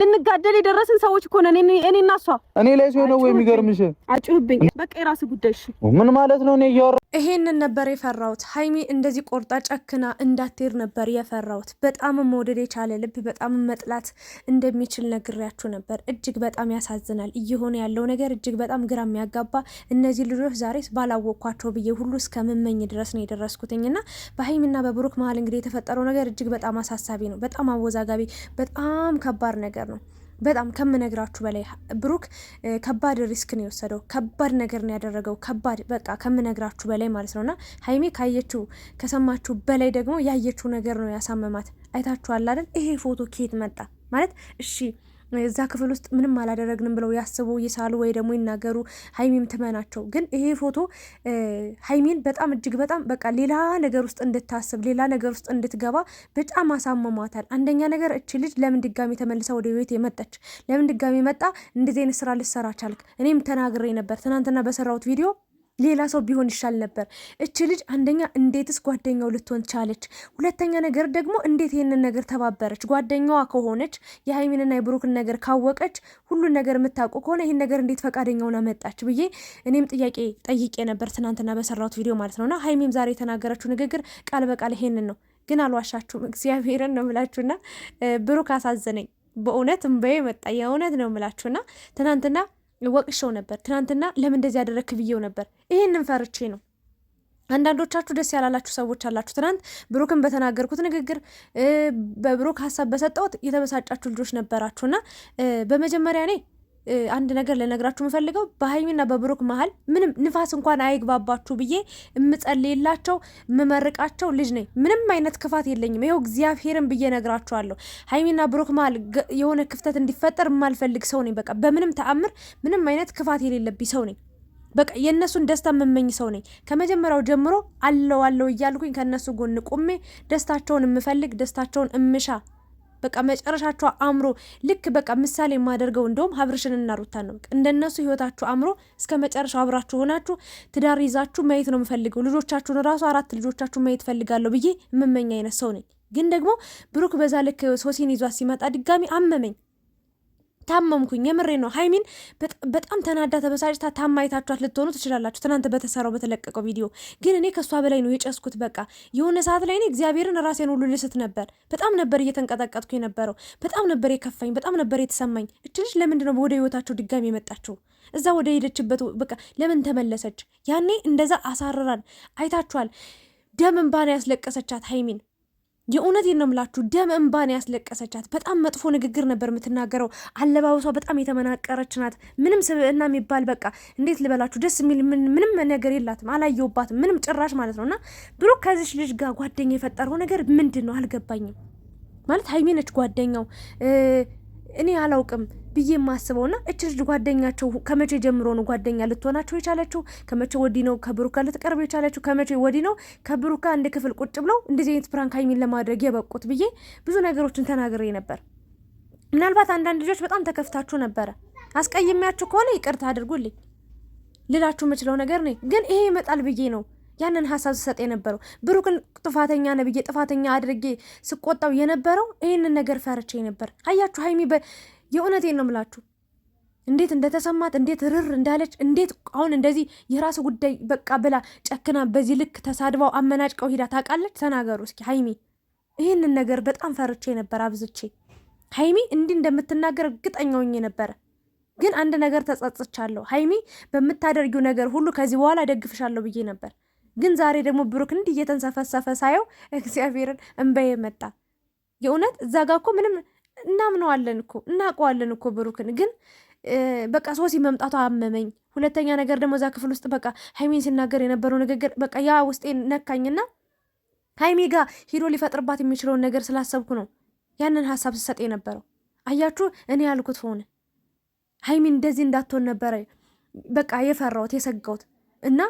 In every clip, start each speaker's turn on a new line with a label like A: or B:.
A: ልንጋደል የደረስን ሰዎች እኮ ነን። እኔ እና እሷ
B: እኔ ላይ ሲሆነ ወይ የሚገርምሽ
A: አጭሁብኝ። በቃ የራስ ጉዳይ
B: ምን ማለት ነው? እኔ እያወራ
A: ይሄንን ነበር የፈራሁት። ሀይሚ እንደዚህ ቆርጣ ጨክና እንዳትሄድ ነበር የፈራሁት። በጣም መውደድ የቻለ ልብ በጣም መጥላት እንደሚችል ነግሬያችሁ ነበር። እጅግ በጣም ያሳዝናል። እየሆነ ያለው ነገር እጅግ በጣም ግራ የሚያጋባ እነዚህ ልጆች ዛሬስ ባላወቅኳቸው ብዬ ሁሉ እስከ ድረስ ነው የደረስኩትኝ እና በሀይሚና በብሩክ መሀል እንግዲህ የተፈጠረው ነገር እጅግ በጣም አሳሳቢ ነው። በጣም አወዛጋቢ፣ በጣም ከባድ ነገር ነው። በጣም ከምነግራችሁ በላይ ብሩክ ከባድ ሪስክ ነው የወሰደው። ከባድ ነገር ነው ያደረገው። ከባድ በቃ ከምነግራችሁ በላይ ማለት እና ሀይሜ ካየችው ከሰማችሁ በላይ ደግሞ ያየችው ነገር ነው ያሳመማት። አይታችኋል አይደል? ይሄ ፎቶ ኬት መጣ ማለት እሺ እዛ ክፍል ውስጥ ምንም አላደረግንም ብለው ያስቡ ይሳሉ ወይ ደግሞ ይናገሩ፣ ሀይሚም ትመናቸው። ግን ይሄ ፎቶ ሀይሚን በጣም እጅግ በጣም በቃ ሌላ ነገር ውስጥ እንድታስብ ሌላ ነገር ውስጥ እንድትገባ በጣም አሳመሟታል። አንደኛ ነገር እች ልጅ ለምን ድጋሚ ተመልሳ ወደ ቤት የመጣች? ለምን ድጋሚ መጣ? እንደዚህ አይነት ስራ ልሰራ ቻልክ? እኔም ተናግሬ ነበር ትናንትና በሰራሁት ቪዲዮ ሌላ ሰው ቢሆን ይሻል ነበር። እች ልጅ አንደኛ እንዴትስ ጓደኛው ልትሆን ቻለች? ሁለተኛ ነገር ደግሞ እንዴት ይህንን ነገር ተባበረች? ጓደኛዋ ከሆነች የሀይሚንና የብሩክን ነገር ካወቀች ሁሉን ነገር የምታውቁ ከሆነ ይህን ነገር እንዴት ፈቃደኛውን አመጣች ብዬ እኔም ጥያቄ ጠይቄ ነበር ትናንትና በሰራሁት ቪዲዮ ማለት ነውና ሀይሚም ዛሬ የተናገረችው ንግግር ቃል በቃል ይሄንን ነው። ግን አልዋሻችሁም፣ እግዚአብሔርን ነው ምላችሁና ብሩክ አሳዘነኝ። በእውነት እምባዬ መጣ። የእውነት ነው ምላችሁና ትናንትና ወቅሸው ነበር። ትናንትና ለምን እንደዚህ ያደረግክ ብዬው ነበር። ይህንን ፈርቼ ነው። አንዳንዶቻችሁ ደስ ያላላችሁ ሰዎች አላችሁ። ትናንት ብሩክን በተናገርኩት ንግግር በብሩክ ሀሳብ በሰጠሁት የተበሳጫችሁ ልጆች ነበራችሁና በመጀመሪያ እኔ አንድ ነገር ልነግራችሁ የምፈልገው በሀይሚና በብሩክ መሀል ምንም ንፋስ እንኳን አይግባባችሁ ብዬ የምጸልይላቸው የምመርቃቸው ልጅ ነኝ። ምንም አይነት ክፋት የለኝም። ይኸው እግዚአብሔርን ብዬ ነግራችኋለሁ። ሀይሚና ብሩክ መሀል የሆነ ክፍተት እንዲፈጠር የማልፈልግ ሰው ነኝ። በቃ በምንም ተአምር ምንም አይነት ክፋት የሌለብኝ ሰው ነኝ። በቃ የእነሱን ደስታ የምመኝ ሰው ነኝ። ከመጀመሪያው ጀምሮ አለው አለው እያልኩኝ ከእነሱ ጎን ቁሜ ደስታቸውን የምፈልግ ደስታቸውን እምሻ በቃ መጨረሻቸው አምሮ ልክ በቃ ምሳሌ የማደርገው እንደውም ሀብርሽን እናሩታ ነው። እንደነሱ ህይወታችሁ አምሮ እስከ መጨረሻው አብራችሁ ሆናችሁ ትዳር ይዛችሁ ማየት ነው የምፈልገው። ልጆቻችሁን ራሱ አራት ልጆቻችሁ ማየት ፈልጋለሁ ብዬ የምመኝ አይነት ሰው ነኝ። ግን ደግሞ ብሩክ በዛ ልክ ሶሲን ይዟት ሲመጣ ድጋሚ አመመኝ። ታመምኩኝ። የምሬ ነው። ሀይሚን በጣም ተናዳ ተበሳጭታ ታማ አይታችኋት ልትሆኑ ትችላላችሁ። ትናንት በተሰራው በተለቀቀው ቪዲዮ ግን እኔ ከእሷ በላይ ነው የጨስኩት። በቃ የሆነ ሰዓት ላይ እኔ እግዚአብሔርን ራሴን ሁሉ ልስት ነበር። በጣም ነበር እየተንቀጠቀጥኩ የነበረው። በጣም ነበር የከፋኝ። በጣም ነበር የተሰማኝ። እች ልጅ ለምንድን ነው ወደ ህይወታቸው ድጋሚ የመጣችው? እዛ ወደ ሄደችበት በቃ ለምን ተመለሰች? ያኔ እንደዛ አሳርራን አይታችኋል። ደም እንባን ያስለቀሰቻት ሀይሚን የእውነቴን ነው የምላችሁ፣ ደም እንባን ያስለቀሰቻት። በጣም መጥፎ ንግግር ነበር የምትናገረው። አለባበሷ በጣም የተመናቀረች ናት። ምንም ስብዕና የሚባል በቃ እንዴት ልበላችሁ፣ ደስ የሚል ምንም ነገር የላትም። አላየውባትም ምንም ጭራሽ ማለት ነው። እና ብሎ ከዚች ልጅ ጋር ጓደኛ የፈጠረው ነገር ምንድን ነው አልገባኝም። ማለት ሀይሜነች ጓደኛው እኔ አላውቅም ብዬ የማስበው ና እች ልጅ ጓደኛቸው ከመቼ ጀምሮ ነው ጓደኛ ልትሆናቸው የቻለችው? ከመቼ ወዲህ ነው ከብሩካ ልትቀርብ የቻለችው? ከመቼ ወዲህ ነው ከብሩካ አንድ ክፍል ቁጭ ብለው እንደዚህ አይነት ፕራንክ ሀይሚን ለማድረግ የበቁት? ብዬ ብዙ ነገሮችን ተናግሬ ነበር። ምናልባት አንዳንድ ልጆች በጣም ተከፍታችሁ ነበረ። አስቀይሜያችሁ ከሆነ ይቅርታ አድርጉልኝ ልላችሁ የምችለው ነገር ነ ግን ይሄ ይመጣል ብዬ ነው ያንን ሀሳብ ስሰጥ የነበረው ብሩክን ጥፋተኛ ነው ብዬ ጥፋተኛ አድርጌ ስቆጣው የነበረው ይህንን ነገር ፈርቼ ነበር። አያችሁ ሀይሚ የእውነቴን ነው ምላችሁ እንዴት እንደተሰማት እንዴት ርር እንዳለች እንዴት አሁን እንደዚህ የራስ ጉዳይ በቃ ብላ ጨክና በዚህ ልክ ተሳድባው አመናጭቀው ሂዳ ታውቃለች? ተናገሩ እስኪ ሀይሚ። ይህንን ነገር በጣም ፈርቼ ነበር አብዝቼ። ሀይሚ እንዲህ እንደምትናገር እርግጠኛ ሆኜ ነበረ። ግን አንድ ነገር ተጸጽቻለሁ። ሀይሚ በምታደርጊው ነገር ሁሉ ከዚህ በኋላ ደግፍሻለሁ ብዬ ነበር። ግን ዛሬ ደግሞ ብሩክ እንዲህ እየተንሰፈሰፈ ሳየው እግዚአብሔርን እንባዬ መጣ። የእውነት እዛ ጋ እኮ ምንም እናምነዋለን እኮ እናውቀዋለን እኮ ብሩክን ግን በቃ ሶሲ መምጣቱ አመመኝ። ሁለተኛ ነገር ደግሞ እዛ ክፍል ውስጥ በቃ ሀይሚን ሲናገር የነበረው ንግግር በቃ ያ ውስጤ ነካኝና ሀይሚ ጋር ሂዶ ሊፈጥርባት የሚችለውን ነገር ስላሰብኩ ነው ያንን ሀሳብ ስሰጥ የነበረው። አያችሁ እኔ ያልኩት ሆነ። ሀይሚን እንደዚህ እንዳትሆን ነበረ በቃ የፈራሁት የሰጋሁት እና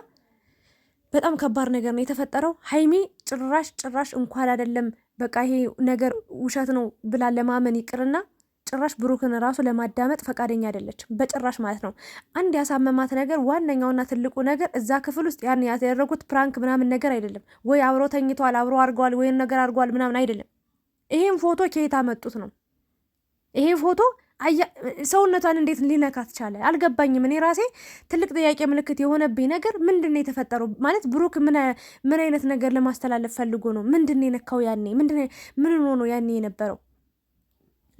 A: በጣም ከባድ ነገር ነው የተፈጠረው። ሀይሚ ጭራሽ ጭራሽ እንኳን አይደለም በቃ ይሄ ነገር ውሸት ነው ብላ ለማመን ይቅርና ጭራሽ ብሩክን ራሱ ለማዳመጥ ፈቃደኛ አይደለች፣ በጭራሽ ማለት ነው። አንድ ያሳመማት ነገር ዋነኛውና ትልቁ ነገር እዛ ክፍል ውስጥ ያን ያደረጉት ፕራንክ ምናምን ነገር አይደለም ወይ አብሮ ተኝተዋል፣ አብሮ አድርገዋል፣ ወይን ነገር አድርገዋል ምናምን አይደለም። ይሄን ፎቶ ከየት አመጡት ነው? ይሄ ፎቶ ሰውነቷን እንዴት ሊነካት ቻለ? አልገባኝም። እኔ ራሴ ትልቅ ጥያቄ ምልክት የሆነብኝ ነገር ምንድን ነው የተፈጠረው? ማለት ብሩክ ምን አይነት ነገር ለማስተላለፍ ፈልጎ ነው? ምንድን ነው የነካው? ያኔ ምን ሆኖ ያኔ የነበረው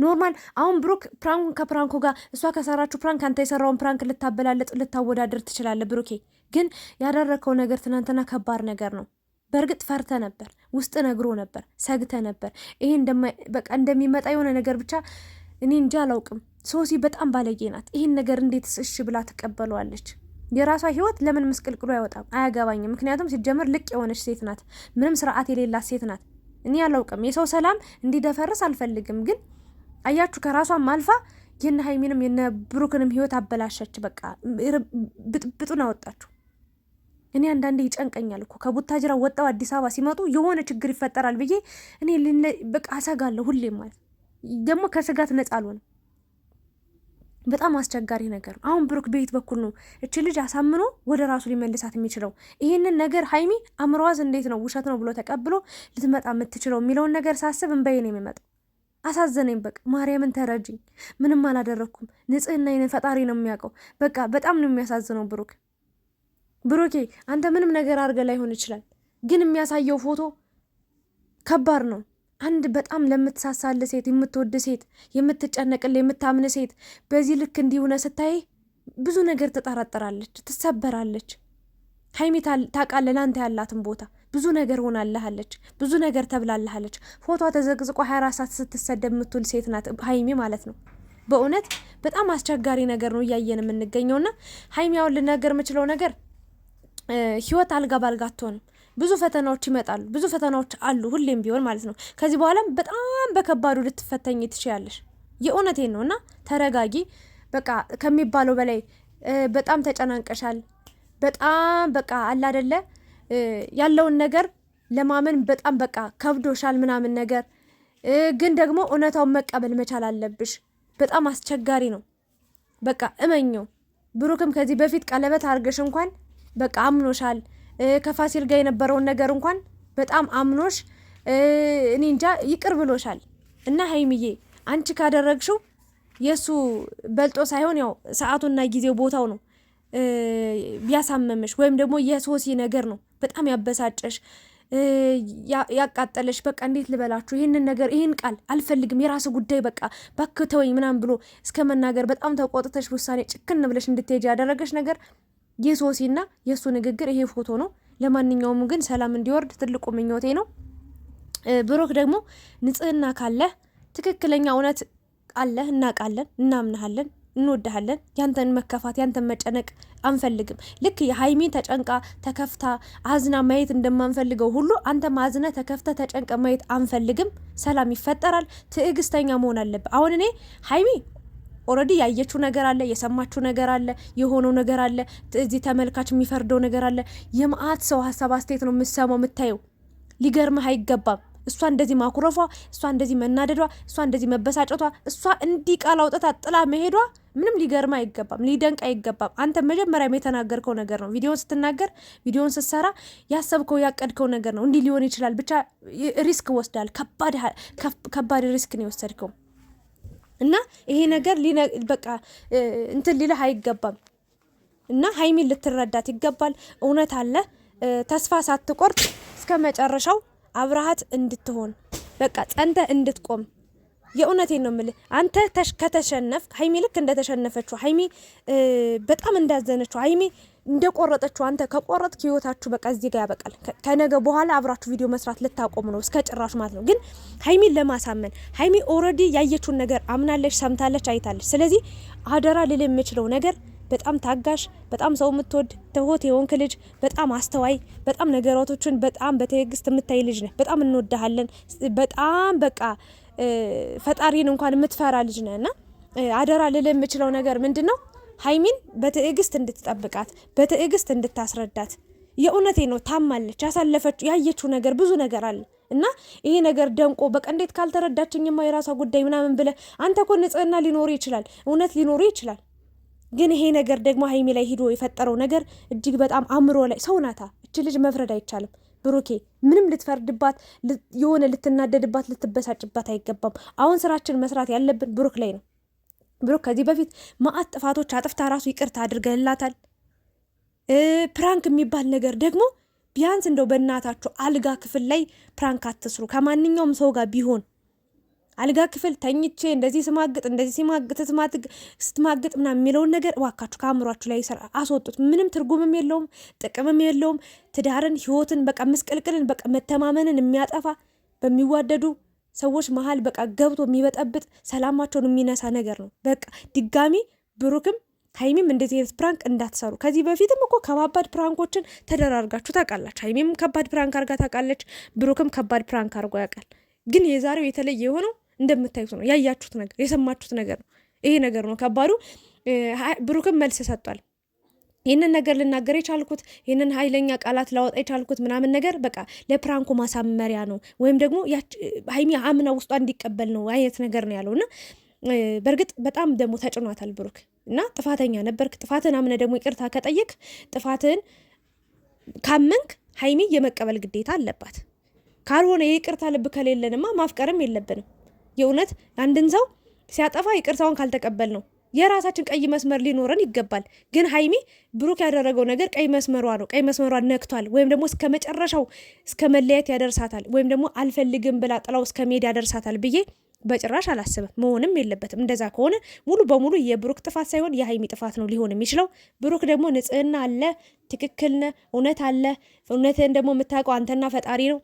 A: ኖርማል። አሁን ብሩክ ፕራንክ ከፕራንኩ ጋር እሷ ከሰራችሁ ፕራንክ አንተ የሰራውን ፕራንክ ልታበላለጥ ልታወዳደር ትችላለ። ብሩኬ ግን ያደረከው ነገር ትናንትና ከባድ ነገር ነው። በእርግጥ ፈርተ ነበር፣ ውስጥ ነግሮ ነበር፣ ሰግተ ነበር። ይሄ በቃ እንደሚመጣ የሆነ ነገር ብቻ እኔ እንጂ አላውቅም። ሶሲ በጣም ባለጌ ናት። ይህን ነገር እንዴትስ እሺ ብላ ትቀበለዋለች? የራሷ ህይወት ለምን ምስቅልቅሎ አይወጣም? አያገባኝም። ምክንያቱም ሲጀምር ልቅ የሆነች ሴት ናት። ምንም ስርዓት የሌላት ሴት ናት። እኔ አላውቅም። የሰው ሰላም እንዲደፈርስ አልፈልግም። ግን አያችሁ ከራሷም አልፋ የነ ሀይሚንም የነ ብሩክንም ህይወት አበላሸች። በቃ ብጥብጡን አወጣችሁ። እኔ አንዳንዴ ይጨንቀኛል እኮ ከቡታጅራ ወጣው አዲስ አበባ ሲመጡ የሆነ ችግር ይፈጠራል ብዬ እኔ በቃ አሰጋለሁ ሁሌም ማለት ደግሞ ከስጋት ነጻ አልሆነም። በጣም አስቸጋሪ ነገር ነው። አሁን ብሩክ ቤት በኩል ነው እች ልጅ አሳምኖ ወደ ራሱ ሊመልሳት የሚችለው? ይህንን ነገር ሀይሚ አእምሮዋዝ እንዴት ነው ውሸት ነው ብሎ ተቀብሎ ልትመጣ የምትችለው የሚለውን ነገር ሳስብ እንባዬ ነው የሚመጣው። አሳዘነኝ። በቃ ማርያምን ተረጅኝ። ምንም አላደረግኩም። ንጽህና ይህንን ፈጣሪ ነው የሚያውቀው። በቃ በጣም ነው የሚያሳዝነው ብሩክ። ብሩኬ አንተ ምንም ነገር አድርገ ላይሆን ይችላል፣ ግን የሚያሳየው ፎቶ ከባድ ነው። አንድ በጣም ለምትሳሳል ሴት፣ የምትወድ ሴት፣ የምትጨነቅል፣ የምታምን ሴት በዚህ ልክ እንዲሆነ ስታይ ብዙ ነገር ትጠረጥራለች ትሰበራለች። ሀይሚ ታውቃለህ ለአንተ ያላትን ቦታ ብዙ ነገር ሆናልሃለች፣ ብዙ ነገር ተብላልሃለች። ፎቷ ተዘቅዝቆ 24 ሰዓት ስትሰደብ የምትውል ሴት ናት ሀይሚ ማለት ነው። በእውነት በጣም አስቸጋሪ ነገር ነው እያየን የምንገኘውና ሀይሚ ያውን ልነገር የምችለው ነገር ህይወት አልጋ ባልጋ አትሆንም። ብዙ ፈተናዎች ይመጣሉ። ብዙ ፈተናዎች አሉ፣ ሁሌም ቢሆን ማለት ነው። ከዚህ በኋላም በጣም በከባዱ ልትፈተኝ ትችያለሽ። የእውነቴን ነው እና ተረጋጊ። በቃ ከሚባለው በላይ በጣም ተጨናንቀሻል። በጣም በቃ አላደለ ያለውን ነገር ለማመን በጣም በቃ ከብዶሻል ምናምን ነገር ግን ደግሞ እውነታውን መቀበል መቻል አለብሽ። በጣም አስቸጋሪ ነው። በቃ እመኘው ብሩክም ከዚህ በፊት ቀለበት አድርገሽ እንኳን በቃ አምኖሻል። ከፋሲል ጋር የነበረውን ነገር እንኳን በጣም አምኖሽ እኔ እንጃ ይቅር ብሎሻል። እና ሀይሚዬ አንቺ ካደረግሽው የእሱ በልጦ ሳይሆን ያው ሰዓቱና ጊዜው ቦታው ነው ያሳመመሽ፣ ወይም ደግሞ የሶሲ ነገር ነው በጣም ያበሳጨሽ ያቃጠለሽ በቃ እንዴት ልበላችሁ፣ ይህንን ነገር ይህን ቃል አልፈልግም፣ የራስ ጉዳይ በቃ ባክተወኝ ምናምን ብሎ እስከ መናገር በጣም ተቆጥተሽ ውሳኔ ጭክን ብለሽ እንድትሄጅ ያደረገሽ ነገር የሶሲና የእሱ ንግግር ይሄ ፎቶ ነው። ለማንኛውም ግን ሰላም እንዲወርድ ትልቁ ምኞቴ ነው። ብሩክ ደግሞ ንጽህና ካለ ትክክለኛ እውነት አለ፣ እናውቃለን፣ እናምናሃለን፣ እንወድሃለን። ያንተን መከፋት ያንተን መጨነቅ አንፈልግም። ልክ የሀይሚ ተጨንቃ ተከፍታ አዝና ማየት እንደማንፈልገው ሁሉ አንተም አዝነ ተከፍተ ተጨንቀ ማየት አንፈልግም። ሰላም ይፈጠራል። ትዕግስተኛ መሆን አለብህ። አሁን እኔ ሀይሚ ኦልሬዲ ያየችው ነገር አለ፣ የሰማችው ነገር አለ፣ የሆነው ነገር አለ፣ እዚህ ተመልካች የሚፈርደው ነገር አለ። የማአት ሰው ሀሳብ አስተያየት ነው የምትሰማው የምታየው። ሊገርምህ አይገባም። እሷ እንደዚህ ማኩረፏ፣ እሷ እንደዚህ መናደዷ፣ እሷ እንደዚህ መበሳጨቷ፣ እሷ እንዲህ ቃል አውጥታ ጥላ መሄዷ ምንም ሊገርም አይገባም፣ ሊደንቅ አይገባም። አንተ መጀመሪያም የተናገርከው ነገር ነው። ቪዲዮን ስትናገር፣ ቪዲዮን ስትሰራ ያሰብከው ያቀድከው ነገር ነው። እንዲህ ሊሆን ይችላል ብቻ ሪስክ ወስዳል። ከባድ ሪስክ ነው የወሰድከው። እና ይሄ ነገር በቃ እንትን ሊልህ አይገባም እና ሀይሚን ልትረዳት ይገባል። እውነት አለ። ተስፋ ሳትቆርጥ እስከ መጨረሻው አብረሃት እንድትሆን በቃ ጸንተ እንድትቆም የእውነቴን ነው የምልህ። አንተ ከተሸነፍክ ሀይሚ ልክ እንደተሸነፈችው ሀይሚ በጣም እንዳዘነችው ሀይሚ እንደቆረጠችው አንተ ከቆረጥክ ህይወታችሁ በቃ እዚህ ጋር ያበቃል። ከነገ በኋላ አብራችሁ ቪዲዮ መስራት ልታቆሙ ነው እስከ ጭራሽ ማለት ነው። ግን ሀይሚን ለማሳመን ሀይሚ ኦልሬዲ ያየችውን ነገር አምናለች፣ ሰምታለች፣ አይታለች። ስለዚህ አደራ ልል የምችለው ነገር በጣም ታጋሽ፣ በጣም ሰው የምትወድ ትሁት የሆንክ ልጅ፣ በጣም አስተዋይ፣ በጣም ነገራቶችን በጣም በትዕግስት የምታይ ልጅ ነህ። በጣም እንወዳሃለን። በጣም በቃ ፈጣሪን እንኳን የምትፈራ ልጅ ነህ እና አደራ ልል የምችለው ነገር ምንድን ነው ሀይሚን በትዕግስት እንድትጠብቃት በትዕግስት እንድታስረዳት። የእውነቴ ነው ታማለች። ያሳለፈችው ያየችው ነገር ብዙ ነገር አለ እና ይሄ ነገር ደንቆ በቃ እንዴት ካልተረዳችኝማ የራሷ ጉዳይ ምናምን ብለ አንተ እኮ ንጽህና ሊኖሩ ይችላል፣ እውነት ሊኖሩ ይችላል። ግን ይሄ ነገር ደግሞ ሀይሚ ላይ ሂዶ የፈጠረው ነገር እጅግ በጣም አእምሮ ላይ ሰው ናታ። እች ልጅ መፍረድ አይቻልም። ብሩኬ ምንም ልትፈርድባት የሆነ ልትናደድባት፣ ልትበሳጭባት አይገባም። አሁን ስራችን መስራት ያለብን ብሩክ ላይ ነው። ብሩክ ከዚህ በፊት ማአት ጥፋቶች አጥፍታ ራሱ ይቅርታ አድርገህላታል። ፕራንክ የሚባል ነገር ደግሞ ቢያንስ እንደው በእናታችሁ አልጋ ክፍል ላይ ፕራንክ አትስሩ። ከማንኛውም ሰው ጋር ቢሆን አልጋ ክፍል ተኝቼ እንደዚህ ስማግጥ እንደዚህ ሲማግጥ ስትማግጥ ምናምን የሚለውን ነገር እባካችሁ ከአእምሯችሁ ላይ አስወጡት። ምንም ትርጉምም የለውም ጥቅምም የለውም። ትዳርን፣ ህይወትን በቃ ምስቅልቅልን በቃ መተማመንን የሚያጠፋ በሚዋደዱ ሰዎች መሀል በቃ ገብቶ የሚበጠብጥ ሰላማቸውን የሚነሳ ነገር ነው። በቃ ድጋሚ ብሩክም ሀይሚም እንደዚህ አይነት ፕራንክ እንዳትሰሩ። ከዚህ በፊትም እኮ ከባባድ ፕራንኮችን ተደራርጋችሁ ታውቃላች። ሀይሚም ከባድ ፕራንክ አርጋ ታውቃለች። ብሩክም ከባድ ፕራንክ አርጎ ያውቃል። ግን የዛሬው የተለየ የሆነው እንደምታዩት ነው። ያያችሁት ነገር፣ የሰማችሁት ነገር ነው። ይሄ ነገር ነው ከባዱ። ብሩክም መልስ ሰጥቷል። ይህንን ነገር ልናገር የቻልኩት ይህንን ኃይለኛ ቃላት ላወጣ የቻልኩት ምናምን ነገር በቃ ለፕራንኩ ማሳመሪያ ነው ወይም ደግሞ ሀይሚ አምና ውስጧ እንዲቀበል ነው አይነት ነገር ነው ያለው እና በእርግጥ በጣም ደግሞ ተጭኗታል ብሩክ እና ጥፋተኛ ነበርክ። ጥፋትን አምነ ደግሞ ይቅርታ ከጠየቅ ጥፋትን ካመንክ ሀይሚ የመቀበል ግዴታ አለባት። ካልሆነ የይቅርታ ልብ ከሌለንማ ማፍቀርም የለብንም። የእውነት አንድን ሰው ሲያጠፋ ይቅርታውን ካልተቀበል ነው የራሳችን ቀይ መስመር ሊኖረን ይገባል። ግን ሀይሚ ብሩክ ያደረገው ነገር ቀይ መስመሯ ነው። ቀይ መስመሯ ነክቷል፣ ወይም ደግሞ እስከ መጨረሻው እስከ መለያየት ያደርሳታል፣ ወይም ደግሞ አልፈልግም ብላ ጥላው እስከ መሄድ ያደርሳታል ብዬ በጭራሽ አላስብም። መሆንም የለበትም። እንደዛ ከሆነ ሙሉ በሙሉ የብሩክ ጥፋት ሳይሆን የሀይሚ ጥፋት ነው ሊሆን የሚችለው። ብሩክ ደግሞ ንጽህና አለ፣ ትክክል ነህ፣ እውነት አለ። እውነትህን ደግሞ የምታውቀው አንተና ፈጣሪ ነው።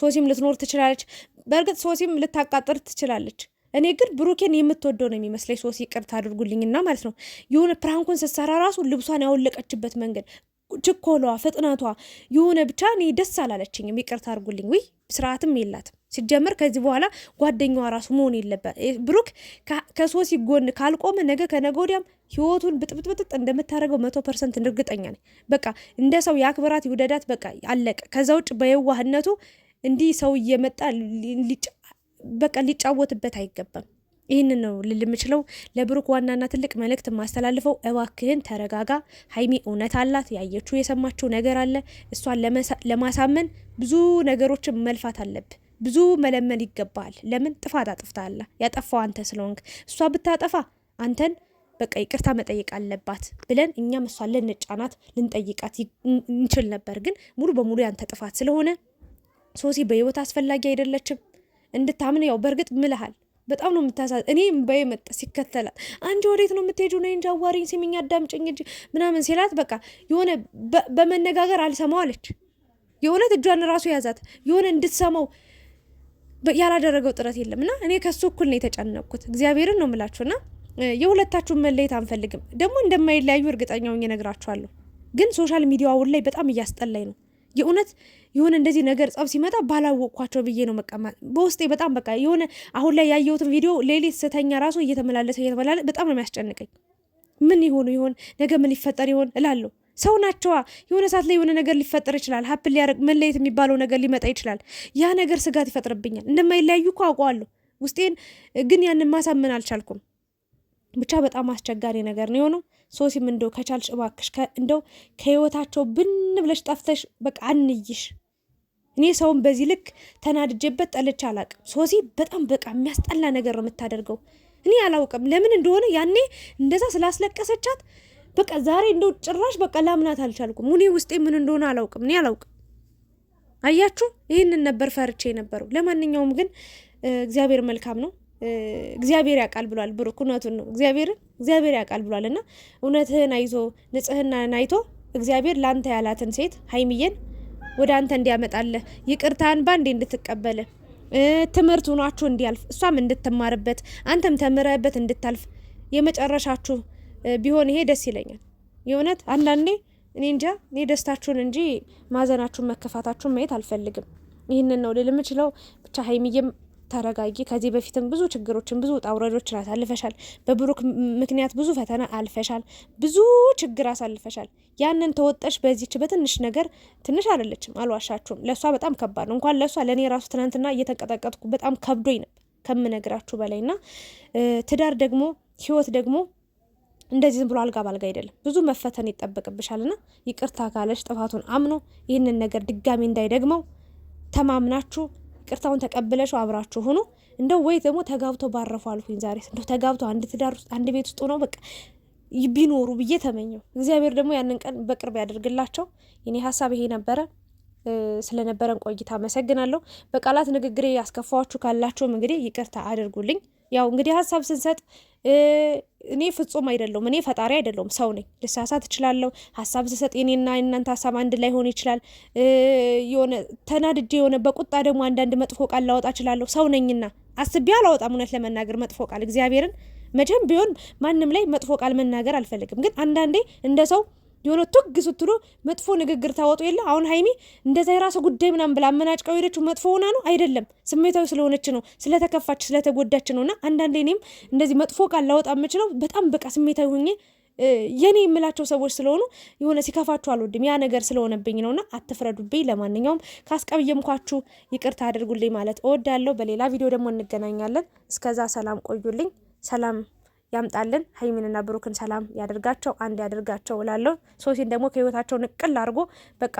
A: ሶሲም ልትኖር ትችላለች። በእርግጥ ሶሲም ልታቃጥር ትችላለች። እኔ ግን ብሩኬን የምትወደው ነው የሚመስለኝ። ሶስ ይቅርታ አድርጉልኝና ማለት ነው የሆነ ፕራንኩን ስትሰራ ራሱ ልብሷን ያወለቀችበት መንገድ፣ ችኮሏ፣ ፍጥነቷ የሆነ ብቻ እኔ ደስ አላለችኝም። ይቅርታ አድርጉልኝ። ውይ ስርዓትም የላትም ሲጀምር ከዚህ በኋላ ጓደኛዋ ራሱ መሆን የለበት ብሩክ ከሶሲ ጎን ካልቆመ ነገ ከነገ ወዲያም ህይወቱን ብጥብጥብጥጥ እንደምታደርገው መቶ ፐርሰንት እርግጠኛ ነኝ። በቃ እንደ ሰው የአክብራት ይውደዳት፣ በቃ አለቀ። ከዛ ውጭ በየዋህነቱ እንዲህ ሰው እየመጣ በቃ ሊጫወትበት አይገባም። ይህን ነው ልል የምችለው። ለብሩክ ዋናና ትልቅ መልእክት የማስተላልፈው እባክህን ተረጋጋ። ሀይሚ እውነት አላት፣ ያየችው የሰማችው ነገር አለ። እሷን ለማሳመን ብዙ ነገሮችን መልፋት አለብ ብዙ መለመን ይገባል። ለምን ጥፋት አጥፍታለ፣ ያጠፋው አንተ ስለሆንክ እሷ ብታጠፋ አንተን በቃ ይቅርታ መጠየቅ አለባት ብለን እኛም እሷን ልንጫናት ልንጠይቃት እንችል ነበር። ግን ሙሉ በሙሉ ያንተ ጥፋት ስለሆነ ሶሲ በህይወት አስፈላጊ አይደለችም። እንድታምን ያው በእርግጥ ምልሃል በጣም ነው የምታሳዝ። እኔ እምባዬ መጣ ሲከተላት፣ አንቺ ወዴት ነው የምትሄጁ? ነ እንጂ አዋሪኝ፣ ስሚኝ፣ አዳምጪኝ እንጂ ምናምን ሲላት፣ በቃ የሆነ በመነጋገር አልሰማው አለች። የእውነት እጇን ራሱ ያዛት። የሆነ እንድትሰማው ያላደረገው ጥረት የለም እና እኔ ከሱ እኩል ነው የተጨነቅኩት። እግዚአብሔርን ነው የምላችሁና የሁለታችሁን መለየት አንፈልግም። ደግሞ እንደማይለያዩ እርግጠኛውኝ ሆኜ እነግራችኋለሁ። ግን ሶሻል ሚዲያ አሁን ላይ በጣም እያስጠላኝ ነው የእውነት የሆነ እንደዚህ ነገር ጸብ ሲመጣ ባላወቅኳቸው ብዬ ነው መቀማ በውስጤ በጣም በቃ የሆነ አሁን ላይ ያየሁትን ቪዲዮ ሌሊት ስተኛ ራሱ እየተመላለሰ እየተመላለ በጣም ነው የሚያስጨንቀኝ። ምን ይሆኑ ይሆን ነገ ምን ሊፈጠር ይሆን እላለሁ። ሰው ናቸዋ። የሆነ ሰዓት ላይ የሆነ ነገር ሊፈጠር ይችላል። ሀፕን ሊያደርግ መለየት የሚባለው ነገር ሊመጣ ይችላል። ያ ነገር ስጋት ይፈጥርብኛል። እንደማይለያዩ እኮ አውቀዋለሁ። ውስጤን ግን ያንን ማሳመን አልቻልኩም። ብቻ በጣም አስቸጋሪ ነገር ነው የሆነው። ሶሲም እንደው ከቻልሽ እባክሽ እንደው ከህይወታቸው ብን ብለሽ ጠፍተሽ በቃ አንይሽ። እኔ ሰውን በዚህ ልክ ተናድጄበት ጠልቼ አላቅም። ሶሲ በጣም በቃ የሚያስጠላ ነገር ነው የምታደርገው። እኔ አላውቅም ለምን እንደሆነ ያኔ እንደዛ ስላስለቀሰቻት በቃ ዛሬ እንደው ጭራሽ በቃ ላምናት አልቻልኩም። እኔ ውስጤ ምን እንደሆነ አላውቅም። እኔ አላውቅም። አያችሁ፣ ይህንን ነበር ፈርቼ የነበረው። ለማንኛውም ግን እግዚአብሔር መልካም ነው። እግዚአብሔር ያውቃል ብሏል ብሩክ። እውነቱን ነው እግዚአብሔርን እግዚአብሔር ያውቃል ብሏል እና እውነትህን አይቶ ንጽህናን አይቶ እግዚአብሔር ለአንተ ያላትን ሴት ሀይሚዬን ወደ አንተ እንዲያመጣለህ ይቅርታን ባንዴ እንድትቀበል ትምህርት ሆኗችሁ እንዲያልፍ እሷም እንድትማርበት አንተም ተምረህበት እንድታልፍ የመጨረሻችሁ ቢሆን ይሄ ደስ ይለኛል። የእውነት አንዳንዴ እኔ እንጃ እኔ ደስታችሁን እንጂ ማዘናችሁን መከፋታችሁን ማየት አልፈልግም። ይህንን ነው ልል የምችለው። ብቻ ሀይሚዬም ተረጋጊ። ከዚህ በፊትም ብዙ ችግሮችን ብዙ ጣውረዶችን አሳልፈሻል። በብሩክ ምክንያት ብዙ ፈተና አልፈሻል። ብዙ ችግር አሳልፈሻል። ያንን ተወጠሽ። በዚች በትንሽ ነገር ትንሽ አይደለችም፣ አልዋሻችሁም። ለእሷ በጣም ከባድ ነው። እንኳን ለእሷ ለእኔ ራሱ ትናንትና እየተንቀጠቀጥኩ በጣም ከብዶኝ ነበር ከምነግራችሁ በላይ እና ትዳር ደግሞ ህይወት ደግሞ እንደዚህ ዝም ብሎ አልጋ ባልጋ አይደለም። ብዙ መፈተን ይጠበቅብሻልና ይቅርታ ካለች ጥፋቱን አምኖ ይህንን ነገር ድጋሚ እንዳይደግመው ተማምናችሁ ቅርታውን ተቀብለሽው አብራችሁ ሆኖ እንደው ወይ ደግሞ ተጋብቶ ባረፉ አልኩኝ። ዛሬ እንደው ተጋብቶ አንድ ትዳር ውስጥ አንድ ቤት ውስጥ ሆነው በቃ ቢኖሩ ብዬ ተመኘው። እግዚአብሔር ደግሞ ያንን ቀን በቅርብ ያደርግላቸው። የኔ ሀሳብ ይሄ ነበረ። ስለነበረን ቆይታ አመሰግናለሁ። በቃላት ንግግሬ ያስከፋዋችሁ ካላችሁም እንግዲህ ይቅርታ አድርጉልኝ። ያው እንግዲህ ሀሳብ ስንሰጥ እኔ ፍጹም አይደለሁም። እኔ ፈጣሪ አይደለሁም፣ ሰው ነኝ። ልሳሳት እችላለሁ። ሀሳብ ስሰጥ የኔና የእናንተ ሀሳብ አንድ ላይ ሆን ይችላል። የሆነ ተናድጄ የሆነ በቁጣ ደግሞ አንዳንድ መጥፎ ቃል ላወጣ እችላለሁ። ሰው ነኝና አስቤ አላወጣም። እውነት ለመናገር መጥፎ ቃል እግዚአብሔርን መቼም ቢሆን ማንም ላይ መጥፎ ቃል መናገር አልፈልግም። ግን አንዳንዴ እንደ ሰው የሆነ ቱግ ስትሉ መጥፎ ንግግር ታወጡ የለ አሁን ሀይሚ እንደዛ የራሱ ጉዳይ ምናምን ብላ አመናጭቀው ሄደችው መጥፎ ሆና ነው አይደለም ስሜታዊ ስለሆነች ነው ስለተከፋች ስለተጎዳች ነው እና አንዳንዴ እኔም እንደዚህ መጥፎ ቃል ላወጣ የምችለው በጣም በቃ ስሜታዊ ሆኜ የኔ የምላቸው ሰዎች ስለሆኑ የሆነ ሲከፋችሁ አልወድም። ያ ነገር ስለሆነብኝ ነውና አትፍረዱብኝ። ለማንኛውም ካስቀብየምኳችሁ ይቅርታ አድርጉልኝ ማለት እወዳለሁ። በሌላ ቪዲዮ ደግሞ እንገናኛለን። እስከዛ ሰላም ቆዩልኝ። ሰላም ያምጣልን። ሀይሚንና ብሩክን ሰላም ያደርጋቸው፣ አንድ ያደርጋቸው እላለሁ። ሶሲን ደግሞ ከህይወታቸው ንቅል አድርጎ በቃ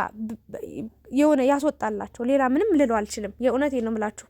A: የሆነ ያስወጣላቸው። ሌላ ምንም ልለው አልችልም። የእውነቴን ነው የምላችሁ።